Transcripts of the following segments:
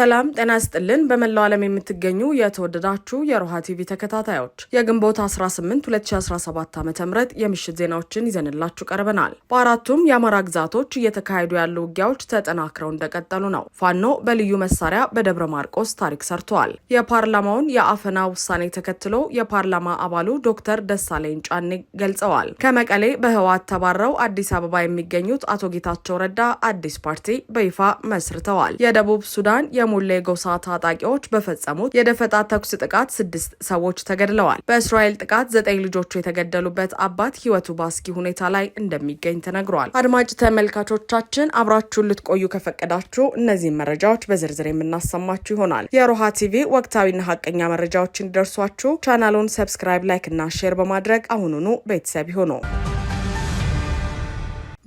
ሰላም ጤና ይስጥልን። በመላው ዓለም የምትገኙ የተወደዳችሁ የሮሃ ቲቪ ተከታታዮች የግንቦት 18 2017 ዓ ም የምሽት ዜናዎችን ይዘንላችሁ ቀርበናል። በአራቱም የአማራ ግዛቶች እየተካሄዱ ያሉ ውጊያዎች ተጠናክረው እንደቀጠሉ ነው። ፋኖ በልዩ መሳሪያ በደብረ ማርቆስ ታሪክ ሰርተዋል። የፓርላማውን የአፈና ውሳኔ ተከትሎ የፓርላማ አባሉ ዶክተር ደሳለኝ ጫኔ ገልጸዋል። ከመቀሌ በህወሓት ተባረው አዲስ አበባ የሚገኙት አቶ ጌታቸው ረዳ አዲስ ፓርቲ በይፋ መስርተዋል። የደቡብ ሱዳን የተሞላ የጎሳ ታጣቂዎች በፈጸሙት የደፈጣ ተኩስ ጥቃት ስድስት ሰዎች ተገድለዋል። በእስራኤል ጥቃት ዘጠኝ ልጆቹ የተገደሉበት አባት ህይወቱ በአስጊ ሁኔታ ላይ እንደሚገኝ ተነግሯል። አድማጭ ተመልካቾቻችን አብራችሁን ልትቆዩ ከፈቀዳችሁ እነዚህን መረጃዎች በዝርዝር የምናሰማችሁ ይሆናል። የሮሃ ቲቪ ወቅታዊና ሀቀኛ መረጃዎች እንዲደርሷችሁ ቻናሉን ሰብስክራይብ፣ ላይክ እና ሼር በማድረግ አሁኑኑ ቤተሰብ ይሁኑ።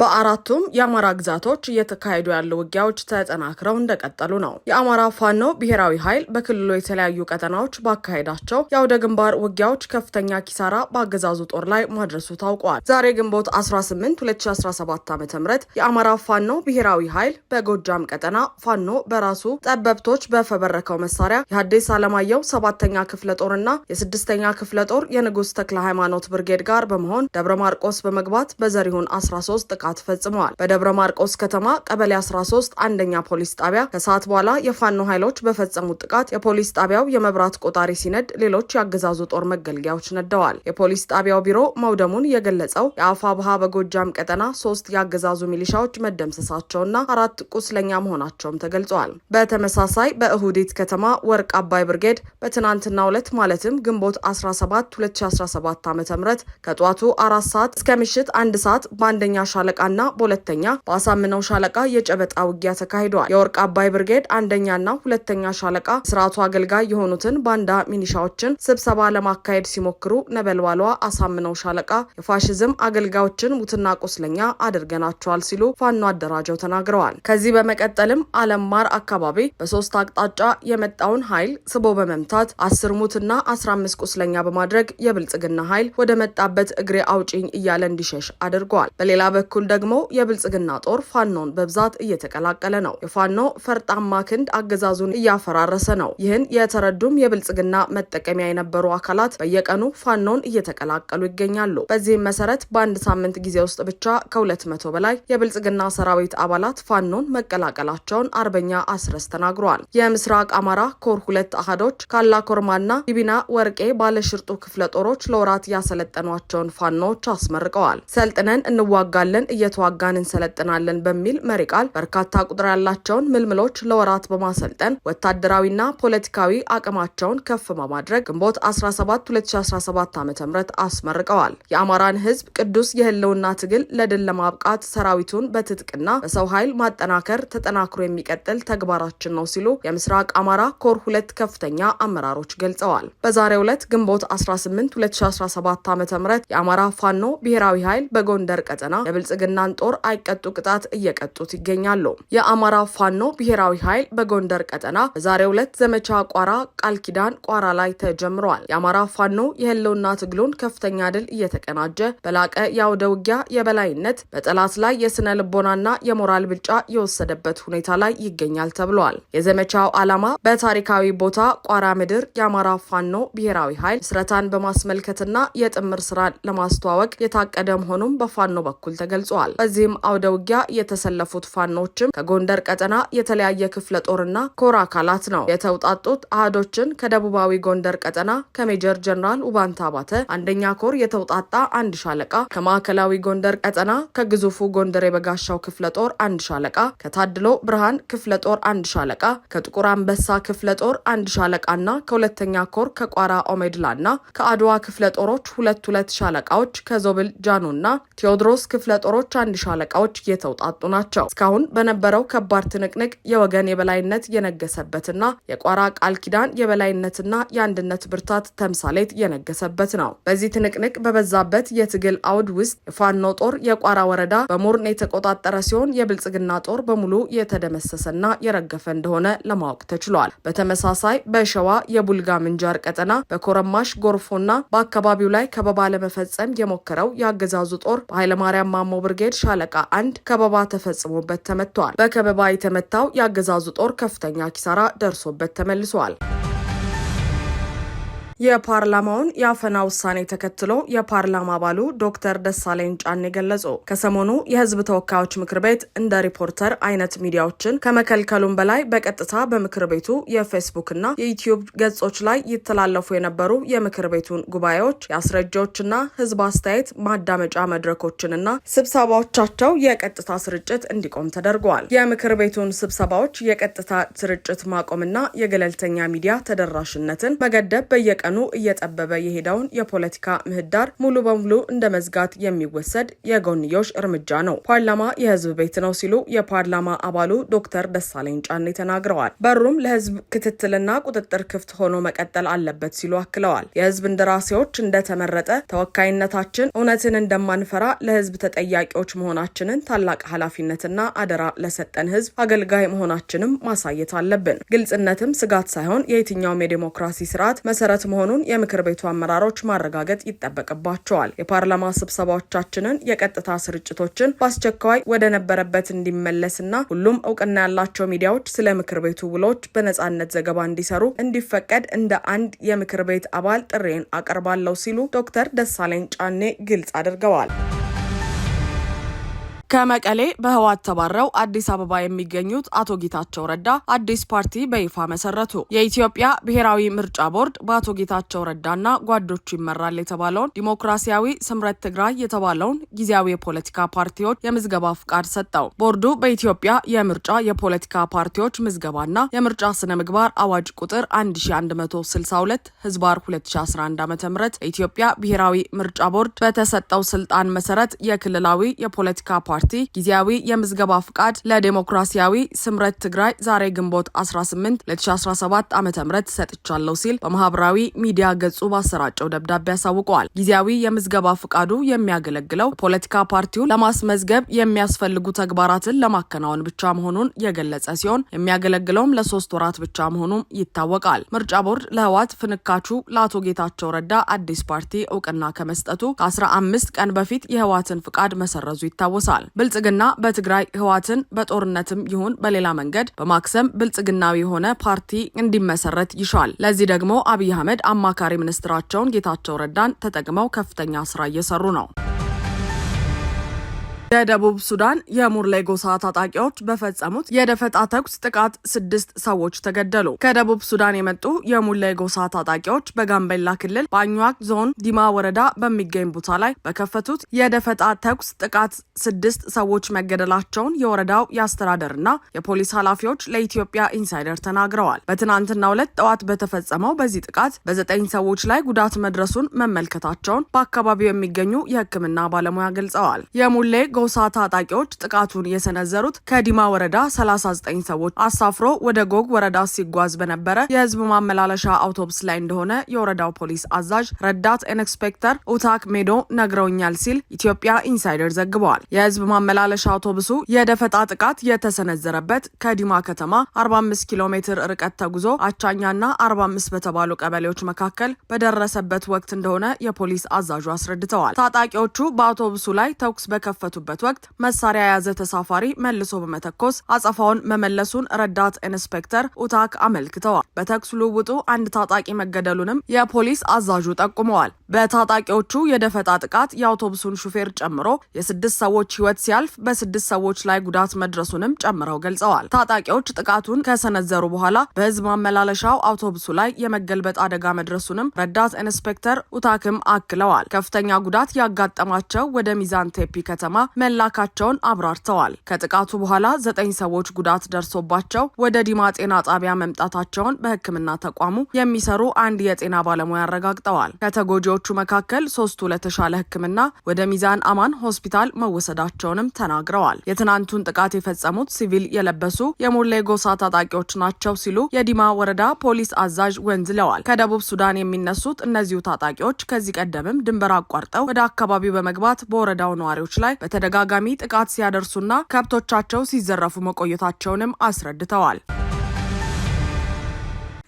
በአራቱም የአማራ ግዛቶች እየተካሄዱ ያሉ ውጊያዎች ተጠናክረው እንደቀጠሉ ነው። የአማራ ፋኖ ብሔራዊ ኃይል በክልሉ የተለያዩ ቀጠናዎች ባካሄዳቸው የአውደ ግንባር ውጊያዎች ከፍተኛ ኪሳራ በአገዛዙ ጦር ላይ ማድረሱ ታውቋል። ዛሬ ግንቦት 18 2017 ዓ ም የአማራ ፋኖ ብሔራዊ ኃይል በጎጃም ቀጠና ፋኖ በራሱ ጠበብቶች በፈበረከው መሳሪያ የሀዲስ ዓለማየሁ ሰባተኛ ክፍለ ጦርና የስድስተኛ ክፍለ ጦር የንጉሥ ተክለ ሃይማኖት ብርጌድ ጋር በመሆን ደብረ ማርቆስ በመግባት በዘሪሁን 13 ጥቃት ፈጽመዋል። በደብረ ማርቆስ ከተማ ቀበሌ 13 አንደኛ ፖሊስ ጣቢያ ከሰዓት በኋላ የፋኖ ኃይሎች በፈጸሙት ጥቃት የፖሊስ ጣቢያው የመብራት ቆጣሪ ሲነድ፣ ሌሎች የአገዛዙ ጦር መገልገያዎች ነደዋል። የፖሊስ ጣቢያው ቢሮ መውደሙን የገለጸው የአፋ ባሃ በጎጃም ቀጠና ሶስት የአገዛዙ ሚሊሻዎች መደምሰሳቸውና አራት ቁስለኛ መሆናቸውም ተገልጿል። በተመሳሳይ በእሁዲት ከተማ ወርቅ አባይ ብርጌድ በትናንትናው ዕለት ማለትም ግንቦት 17 2017 ዓ ም ከጠዋቱ አራት ሰዓት እስከ ምሽት አንድ ሰዓት በአንደኛ ሻለቃ ሻለቃና በሁለተኛ በአሳምነው ሻለቃ የጨበጣ ውጊያ ተካሂደዋል። የወርቅ አባይ ብርጌድ አንደኛና ሁለተኛ ሻለቃ ስርዓቱ አገልጋይ የሆኑትን ባንዳ ሚኒሻዎችን ስብሰባ ለማካሄድ ሲሞክሩ ነበልባሏ አሳምነው ሻለቃ የፋሽዝም አገልጋዮችን ሙትና ቁስለኛ አድርገናቸዋል ሲሉ ፋኖ አደራጀው ተናግረዋል። ከዚህ በመቀጠልም ማር አካባቢ በሶስት አቅጣጫ የመጣውን ኃይል ስቦ በመምታት አስር ሙትና አስራ አምስት ቁስለኛ በማድረግ የብልጽግና ኃይል ወደ መጣበት እግሬ አውጪኝ እያለ እንዲሸሽ አድርገዋል። በሌላ በኩል በኩል ደግሞ የብልጽግና ጦር ፋኖን በብዛት እየተቀላቀለ ነው። የፋኖ ፈርጣማ ክንድ አገዛዙን እያፈራረሰ ነው። ይህን የተረዱም የብልጽግና መጠቀሚያ የነበሩ አካላት በየቀኑ ፋኖን እየተቀላቀሉ ይገኛሉ። በዚህም መሰረት በአንድ ሳምንት ጊዜ ውስጥ ብቻ ከሁለት መቶ በላይ የብልጽግና ሰራዊት አባላት ፋኖን መቀላቀላቸውን አርበኛ አስረስ ተናግረዋል። የምስራቅ አማራ ኮር ሁለት አህዶች ካላኮርማና ዲቢና ወርቄ ባለሽርጡ ክፍለ ጦሮች ለወራት ያሰለጠኗቸውን ፋኖዎች አስመርቀዋል። ሰልጥነን እንዋጋለን እየተዋጋን እንሰለጥናለን በሚል መሪ ቃል በርካታ ቁጥር ያላቸውን ምልምሎች ለወራት በማሰልጠን ወታደራዊና ፖለቲካዊ አቅማቸውን ከፍ በማድረግ ግንቦት 17 2017 ዓ ም አስመርቀዋል። የአማራን ህዝብ ቅዱስ የህልውና ትግል ለድል ለማብቃት ሰራዊቱን በትጥቅና በሰው ኃይል ማጠናከር ተጠናክሮ የሚቀጥል ተግባራችን ነው ሲሉ የምስራቅ አማራ ኮር ሁለት ከፍተኛ አመራሮች ገልጸዋል። በዛሬው ዕለት ግንቦት 18 2017 ዓ ም የአማራ ፋኖ ብሔራዊ ኃይል በጎንደር ቀጠና የብልጽ የብልጽግናን ጦር አይቀጡ ቅጣት እየቀጡት ይገኛሉ። የአማራ ፋኖ ብሔራዊ ኃይል በጎንደር ቀጠና በዛሬው ዕለት ዘመቻ ቋራ ቃል ኪዳን ቋራ ላይ ተጀምረዋል። የአማራ ፋኖ የህልውና ትግሉን ከፍተኛ ድል እየተቀናጀ በላቀ የአውደ ውጊያ የበላይነት በጠላት ላይ የስነ ልቦናና የሞራል ብልጫ የወሰደበት ሁኔታ ላይ ይገኛል ተብሏል። የዘመቻው ዓላማ በታሪካዊ ቦታ ቋራ ምድር የአማራ ፋኖ ብሔራዊ ኃይል ምስረታን በማስመልከትና የጥምር ስራን ለማስተዋወቅ የታቀደ መሆኑም በፋኖ በኩል ተገልጿል። ገልጿል። በዚህም አውደ ውጊያ የተሰለፉት ፋኖችም ከጎንደር ቀጠና የተለያየ ክፍለ ጦርና ኮር አካላት ነው የተውጣጡት። አህዶችን ከደቡባዊ ጎንደር ቀጠና ከሜጀር ጀነራል ውባንታ አባተ አንደኛ ኮር የተውጣጣ አንድ ሻለቃ፣ ከማዕከላዊ ጎንደር ቀጠና ከግዙፉ ጎንደር የበጋሻው ክፍለ ጦር አንድ ሻለቃ፣ ከታድሎ ብርሃን ክፍለ ጦር አንድ ሻለቃ፣ ከጥቁር አንበሳ ክፍለ ጦር አንድ ሻለቃና ከሁለተኛ ኮር ከቋራ ኦሜድላና ከአድዋ ክፍለ ጦሮች ሁለት ሁለት ሻለቃዎች ከዞብል ጃኑና ቴዎድሮስ ክፍለ ጦሮች አመራሮች አንድ ሻለቃዎች የተውጣጡ ናቸው። እስካሁን በነበረው ከባድ ትንቅንቅ የወገን የበላይነት የነገሰበትና የቋራ ቃል ኪዳን የበላይነትና የአንድነት ብርታት ተምሳሌት የነገሰበት ነው። በዚህ ትንቅንቅ በበዛበት የትግል አውድ ውስጥ የፋኖ ጦር የቋራ ወረዳ በሞርን የተቆጣጠረ ሲሆን የብልጽግና ጦር በሙሉ የተደመሰሰና የረገፈ እንደሆነ ለማወቅ ተችሏል። በተመሳሳይ በሸዋ የቡልጋ ምንጃር ቀጠና በኮረማሽ ጎርፎና በአካባቢው ላይ ከበባ ለመፈጸም የሞከረው የአገዛዙ ጦር በኃይለማርያም ማሞ ብርጌድ ሻለቃ አንድ ከበባ ተፈጽሞበት ተመቷል። በከበባ የተመታው የአገዛዙ ጦር ከፍተኛ ኪሳራ ደርሶበት ተመልሷል። የፓርላማውን የአፈና ውሳኔ ተከትሎ የፓርላማ አባሉ ዶክተር ደሳለኝ ጫኔ ገለጹ። ከሰሞኑ የህዝብ ተወካዮች ምክር ቤት እንደ ሪፖርተር አይነት ሚዲያዎችን ከመከልከሉም በላይ በቀጥታ በምክር ቤቱ የፌስቡክና የዩትዩብ ገጾች ላይ ይተላለፉ የነበሩ የምክር ቤቱን ጉባኤዎች፣ የአስረጃዎችና ህዝብ አስተያየት ማዳመጫ መድረኮችንና ስብሰባዎቻቸው የቀጥታ ስርጭት እንዲቆም ተደርገዋል። የምክር ቤቱን ስብሰባዎች የቀጥታ ስርጭት ማቆምና የገለልተኛ ሚዲያ ተደራሽነትን መገደብ በየቀ በየቀኑ እየጠበበ የሄደውን የፖለቲካ ምህዳር ሙሉ በሙሉ እንደ መዝጋት የሚወሰድ የጎንዮሽ እርምጃ ነው። ፓርላማ የህዝብ ቤት ነው ሲሉ የፓርላማ አባሉ ዶክተር ደሳለኝ ጫኔ ተናግረዋል። በሩም ለህዝብ ክትትልና ቁጥጥር ክፍት ሆኖ መቀጠል አለበት ሲሉ አክለዋል። የህዝብ እንደራሴዎች እንደተመረጠ ተወካይነታችን እውነትን እንደማንፈራ ለህዝብ ተጠያቂዎች መሆናችንን ታላቅ ኃላፊነትና አደራ ለሰጠን ህዝብ አገልጋይ መሆናችንም ማሳየት አለብን። ግልጽነትም ስጋት ሳይሆን የየትኛውም የዴሞክራሲ ስርዓት መሰረት መሆ መሆኑን የምክር ቤቱ አመራሮች ማረጋገጥ ይጠበቅባቸዋል። የፓርላማ ስብሰባዎቻችንን፣ የቀጥታ ስርጭቶችን በአስቸኳይ ወደ ነበረበት እንዲመለስና ሁሉም እውቅና ያላቸው ሚዲያዎች ስለ ምክር ቤቱ ውሎች በነጻነት ዘገባ እንዲሰሩ እንዲፈቀድ እንደ አንድ የምክር ቤት አባል ጥሬን አቀርባለሁ ሲሉ ዶክተር ደሳለኝ ጫኔ ግልጽ አድርገዋል። ከመቀሌ በህወሓት ተባረው አዲስ አበባ የሚገኙት አቶ ጌታቸው ረዳ አዲስ ፓርቲ በይፋ መሰረቱ። የኢትዮጵያ ብሔራዊ ምርጫ ቦርድ በአቶ ጌታቸው ረዳና ጓዶቹ ይመራል የተባለውን ዲሞክራሲያዊ ስምረት ትግራይ የተባለውን ጊዜያዊ የፖለቲካ ፓርቲዎች የምዝገባ ፍቃድ ሰጠው። ቦርዱ በኢትዮጵያ የምርጫ የፖለቲካ ፓርቲዎች ምዝገባና የምርጫ ስነ ምግባር አዋጅ ቁጥር 1162 ህዝባር 2011 ዓ ም የኢትዮጵያ ብሔራዊ ምርጫ ቦርድ በተሰጠው ስልጣን መሰረት የክልላዊ የፖለቲካ ፓርቲ ፓርቲ ጊዜያዊ የምዝገባ ፍቃድ ለዴሞክራሲያዊ ስምረት ትግራይ ዛሬ ግንቦት 18 2017 ዓ ም ሰጥቻለሁ ሲል በማህበራዊ ሚዲያ ገጹ ባሰራጨው ደብዳቤ አሳውቀዋል። ጊዜያዊ የምዝገባ ፍቃዱ የሚያገለግለው ፖለቲካ ፓርቲውን ለማስመዝገብ የሚያስፈልጉ ተግባራትን ለማከናወን ብቻ መሆኑን የገለጸ ሲሆን የሚያገለግለውም ለሶስት ወራት ብቻ መሆኑም ይታወቃል። ምርጫ ቦርድ ለህዋት ፍንካቹ ለአቶ ጌታቸው ረዳ አዲስ ፓርቲ እውቅና ከመስጠቱ ከ15 ቀን በፊት የህዋትን ፍቃድ መሰረዙ ይታወሳል። ብልጽግና በትግራይ ህዋትን በጦርነትም ይሁን በሌላ መንገድ በማክሰም ብልጽግናዊ የሆነ ፓርቲ እንዲመሰረት ይሻል። ለዚህ ደግሞ አብይ አህመድ አማካሪ ሚኒስትራቸውን ጌታቸው ረዳን ተጠቅመው ከፍተኛ ስራ እየሰሩ ነው። የደቡብ ሱዳን የሙርሌ ጎሳ ታጣቂዎች በፈጸሙት የደፈጣ ተኩስ ጥቃት ስድስት ሰዎች ተገደሉ። ከደቡብ ሱዳን የመጡ የሙርሌ ጎሳ ታጣቂዎች በጋምቤላ ክልል በአኟዋክ ዞን ዲማ ወረዳ በሚገኝ ቦታ ላይ በከፈቱት የደፈጣ ተኩስ ጥቃት ስድስት ሰዎች መገደላቸውን የወረዳው የአስተዳደርና የፖሊስ ኃላፊዎች ለኢትዮጵያ ኢንሳይደር ተናግረዋል። በትናንትና ሁለት ጠዋት በተፈጸመው በዚህ ጥቃት በዘጠኝ ሰዎች ላይ ጉዳት መድረሱን መመልከታቸውን በአካባቢው የሚገኙ የሕክምና ባለሙያ ገልጸዋል። የሙርሌ የጎሳ ታጣቂዎች ጥቃቱን የሰነዘሩት ከዲማ ወረዳ 39 ሰዎች አሳፍሮ ወደ ጎግ ወረዳ ሲጓዝ በነበረ የህዝብ ማመላለሻ አውቶቡስ ላይ እንደሆነ የወረዳው ፖሊስ አዛዥ ረዳት ኢንስፔክተር ኡታክ ሜዶ ነግረውኛል ሲል ኢትዮጵያ ኢንሳይደር ዘግበዋል። የህዝብ ማመላለሻ አውቶቡሱ የደፈጣ ጥቃት የተሰነዘረበት ከዲማ ከተማ 45 ኪሎ ሜትር ርቀት ተጉዞ አቻኛና 45 በተባሉ ቀበሌዎች መካከል በደረሰበት ወቅት እንደሆነ የፖሊስ አዛዡ አስረድተዋል። ታጣቂዎቹ በአውቶቡሱ ላይ ተኩስ በከፈቱበት በሚያልፉበት ወቅት መሳሪያ የያዘ ተሳፋሪ መልሶ በመተኮስ አጸፋውን መመለሱን ረዳት ኢንስፔክተር ኡታክ አመልክተዋል። በተኩስ ልውውጡ አንድ ታጣቂ መገደሉንም የፖሊስ አዛዡ ጠቁመዋል። በታጣቂዎቹ የደፈጣ ጥቃት የአውቶቡሱን ሹፌር ጨምሮ የስድስት ሰዎች ህይወት ሲያልፍ በስድስት ሰዎች ላይ ጉዳት መድረሱንም ጨምረው ገልጸዋል። ታጣቂዎች ጥቃቱን ከሰነዘሩ በኋላ በህዝብ ማመላለሻው አውቶቡሱ ላይ የመገልበጥ አደጋ መድረሱንም ረዳት ኢንስፔክተር ኡታክም አክለዋል። ከፍተኛ ጉዳት ያጋጠማቸው ወደ ሚዛን ቴፒ ከተማ መላካቸውን አብራርተዋል። ከጥቃቱ በኋላ ዘጠኝ ሰዎች ጉዳት ደርሶባቸው ወደ ዲማ ጤና ጣቢያ መምጣታቸውን በህክምና ተቋሙ የሚሰሩ አንድ የጤና ባለሙያ አረጋግጠዋል። ከተጎጂዎች ከታራሚዎቹ መካከል ሶስቱ ለተሻለ ሕክምና ወደ ሚዛን አማን ሆስፒታል መወሰዳቸውንም ተናግረዋል። የትናንቱን ጥቃት የፈጸሙት ሲቪል የለበሱ የሙርሌ ጎሳ ታጣቂዎች ናቸው ሲሉ የዲማ ወረዳ ፖሊስ አዛዥ ወንዝለዋል። ከደቡብ ሱዳን የሚነሱት እነዚሁ ታጣቂዎች ከዚህ ቀደምም ድንበር አቋርጠው ወደ አካባቢው በመግባት በወረዳው ነዋሪዎች ላይ በተደጋጋሚ ጥቃት ሲያደርሱና ከብቶቻቸው ሲዘረፉ መቆየታቸውንም አስረድተዋል።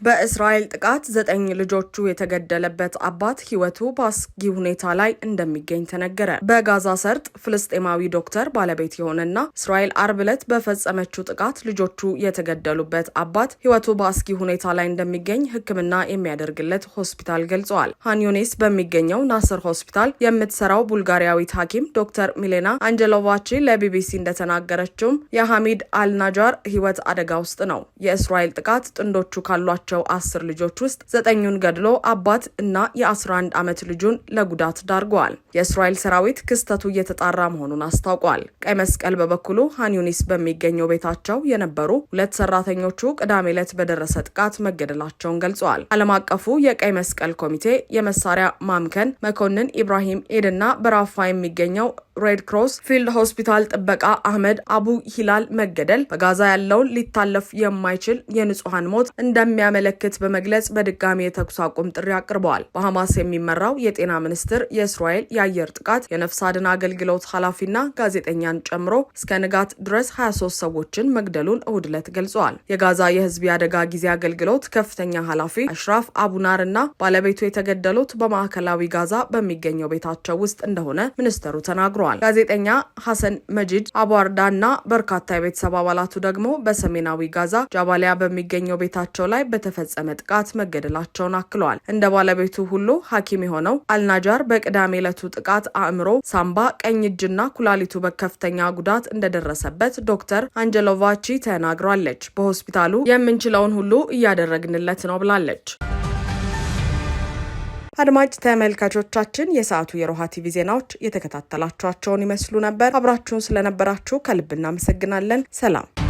በእስራኤል ጥቃት ዘጠኝ ልጆቹ የተገደለበት አባት ህይወቱ በአስጊ ሁኔታ ላይ እንደሚገኝ ተነገረ። በጋዛ ሰርጥ ፍልስጤማዊ ዶክተር ባለቤት የሆነና እስራኤል አርብ ዕለት በፈጸመችው ጥቃት ልጆቹ የተገደሉበት አባት ህይወቱ በአስጊ ሁኔታ ላይ እንደሚገኝ ሕክምና የሚያደርግለት ሆስፒታል ገልጸዋል። ሃንዮኔስ በሚገኘው ናስር ሆስፒታል የምትሰራው ቡልጋሪያዊት ሐኪም ዶክተር ሚሌና አንጀሎቫቺ ለቢቢሲ እንደተናገረችውም የሐሚድ አልናጃር ህይወት አደጋ ውስጥ ነው። የእስራኤል ጥቃት ጥንዶቹ ካሏቸው ካሏቸው አስር ልጆች ውስጥ ዘጠኙን ገድሎ አባት እና የ11 ዓመት ልጁን ለጉዳት ዳርገዋል። የእስራኤል ሰራዊት ክስተቱ እየተጣራ መሆኑን አስታውቋል። ቀይ መስቀል በበኩሉ ሃንዩኒስ በሚገኘው ቤታቸው የነበሩ ሁለት ሰራተኞቹ ቅዳሜ ዕለት በደረሰ ጥቃት መገደላቸውን ገልጿል። ዓለም አቀፉ የቀይ መስቀል ኮሚቴ የመሳሪያ ማምከን መኮንን ኢብራሂም ኤድና በራፋ የሚገኘው ሬድ ክሮስ ፊልድ ሆስፒታል ጥበቃ አህመድ አቡ ሂላል መገደል በጋዛ ያለውን ሊታለፍ የማይችል የንጹሐን ሞት እንደሚያመ እንደሚያመለክት በመግለጽ በድጋሚ የተኩስ አቁም ጥሪ አቅርበዋል። በሐማስ የሚመራው የጤና ሚኒስቴር የእስራኤል የአየር ጥቃት የነፍስ አድን አገልግሎት ኃላፊና ጋዜጠኛን ጨምሮ እስከ ንጋት ድረስ 23 ሰዎችን መግደሉን እሁድ ዕለት ገልጸዋል። የጋዛ የህዝብ የአደጋ ጊዜ አገልግሎት ከፍተኛ ኃላፊ አሽራፍ አቡናር እና ባለቤቱ የተገደሉት በማዕከላዊ ጋዛ በሚገኘው ቤታቸው ውስጥ እንደሆነ ሚኒስተሩ ተናግረዋል። ጋዜጠኛ ሐሰን መጂድ አቧርዳ እና በርካታ የቤተሰብ አባላቱ ደግሞ በሰሜናዊ ጋዛ ጃባሊያ በሚገኘው ቤታቸው ላይ በተ በተፈጸመ ጥቃት መገደላቸውን አክለዋል። እንደ ባለቤቱ ሁሉ ሐኪም የሆነው አልናጃር በቅዳሜ ዕለቱ ጥቃት አእምሮ፣ ሳምባ፣ ቀኝ እጅና ኩላሊቱ በከፍተኛ ጉዳት እንደደረሰበት ዶክተር አንጀሎቫቺ ተናግራለች። በሆስፒታሉ የምንችለውን ሁሉ እያደረግንለት ነው ብላለች። አድማጭ ተመልካቾቻችን የሰዓቱ የሮሃ ቲቪ ዜናዎች የተከታተላችኋቸውን ይመስሉ ነበር። አብራችሁን ስለነበራችሁ ከልብ እናመሰግናለን። ሰላም